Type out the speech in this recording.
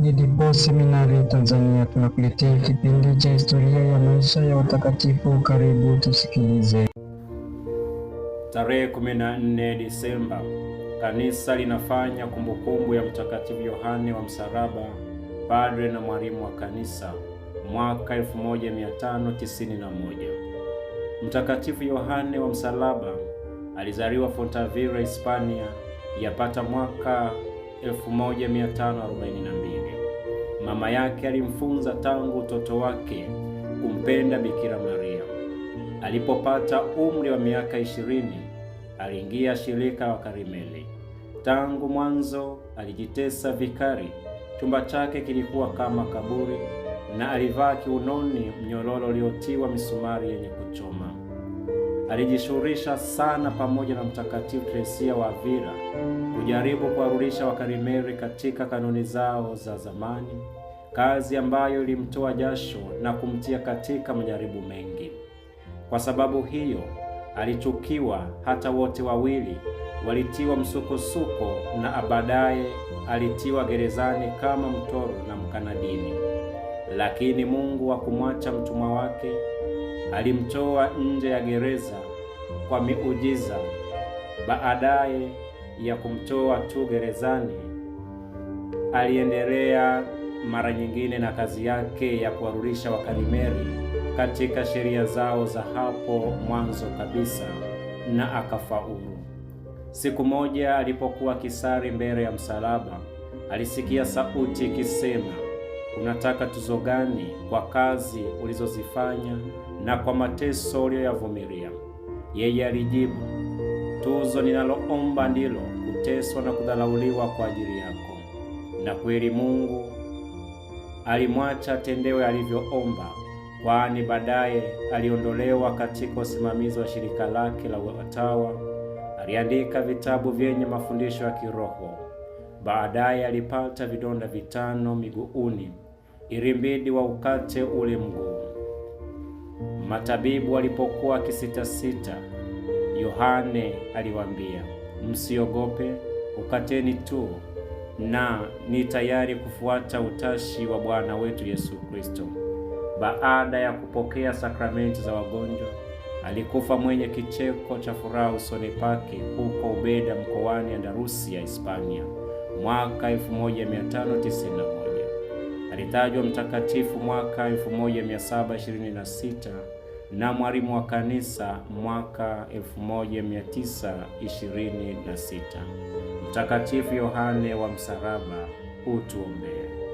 Nidipo Seminari Tanzania tunakuletea kipindi cha historia ya maisha ya watakatifu. Karibu tusikilize. Tarehe 14 Disemba, kanisa linafanya kumbukumbu ya Mtakatifu Yohane wa Msalaba, padre na mwalimu wa kanisa, mwaka 1591. Mtakatifu Yohane wa Msalaba Alizaliwa fontavira Hispania yapata mwaka 1542. Mama yake alimfunza tangu utoto wake kumpenda Bikira Maria. Alipopata umri wa miaka ishirini aliingia shirika wa Karimeli. Tangu mwanzo alijitesa vikari. Chumba chake kilikuwa kama kaburi, na alivaa kiunoni mnyororo uliotiwa misumari yenye kuchoma alijishughulisha sana pamoja na Mtakatifu Teresia wa Avila kujaribu kuwarudisha wakarimeri katika kanuni zao za zamani, kazi ambayo ilimtoa jasho na kumtia katika majaribu mengi. Kwa sababu hiyo alichukiwa, hata wote wawili walitiwa msukosuko na baadaye alitiwa gerezani kama mtoro na mkanadini. Lakini Mungu hakumwacha mtumwa wake alimtoa nje ya gereza kwa miujiza. Baadaye ya kumtoa tu gerezani, aliendelea mara nyingine na kazi yake ya kuwarudisha Wakalimeri katika sheria zao za hapo mwanzo kabisa, na akafaulu. Siku moja alipokuwa kisari mbele ya msalaba, alisikia sauti ikisema Unataka tuzo gani kwa kazi ulizozifanya na kwa mateso uliyoyavumilia? Yeye alijibu, tuzo ninaloomba ndilo kuteswa na kudhalauliwa kwa ajili yako. Na kweli Mungu alimwacha atendewe alivyoomba, kwani baadaye aliondolewa katika usimamizi wa shirika lake la watawa. Aliandika vitabu vyenye mafundisho ya kiroho. Baadaye alipata vidonda vitano miguuni ilimbidi ukate ule mguu. Matabibu walipokuwa kisitasita Yohane aliwaambia, msiogope, ukateni tu, na ni tayari kufuata utashi wa Bwana wetu Yesu Kristo. Baada ya kupokea sakramenti za wagonjwa, alikufa mwenye kicheko cha furaha usoni pake huko Ubeda mkoani Andalusia, Hispania, mwaka 1591 alitajwa mtakatifu mwaka 1726 na mwalimu wa kanisa mwaka 1926. Mtakatifu Yohane wa Msalaba, utuombee.